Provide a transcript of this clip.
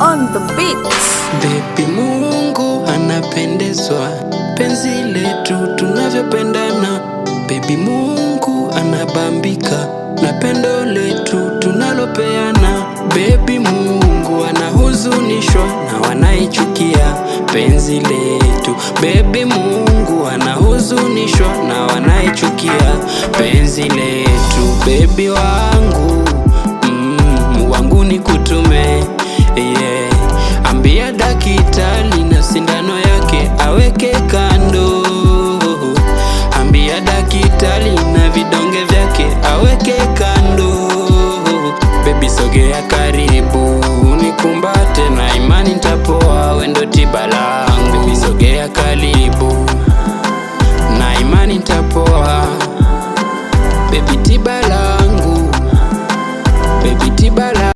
on the beat. Baby Mungu anapendezwa penzi letu tunavyopendana, Baby Mungu anabambika na pendo letu tunalopeana, Baby Mungu anahuzunishwa na wanaichukia penzi letu, Baby Mungu anahuzunishwa na wanaichukia penzi letu. karibu, na imani nitapoa, baby tiba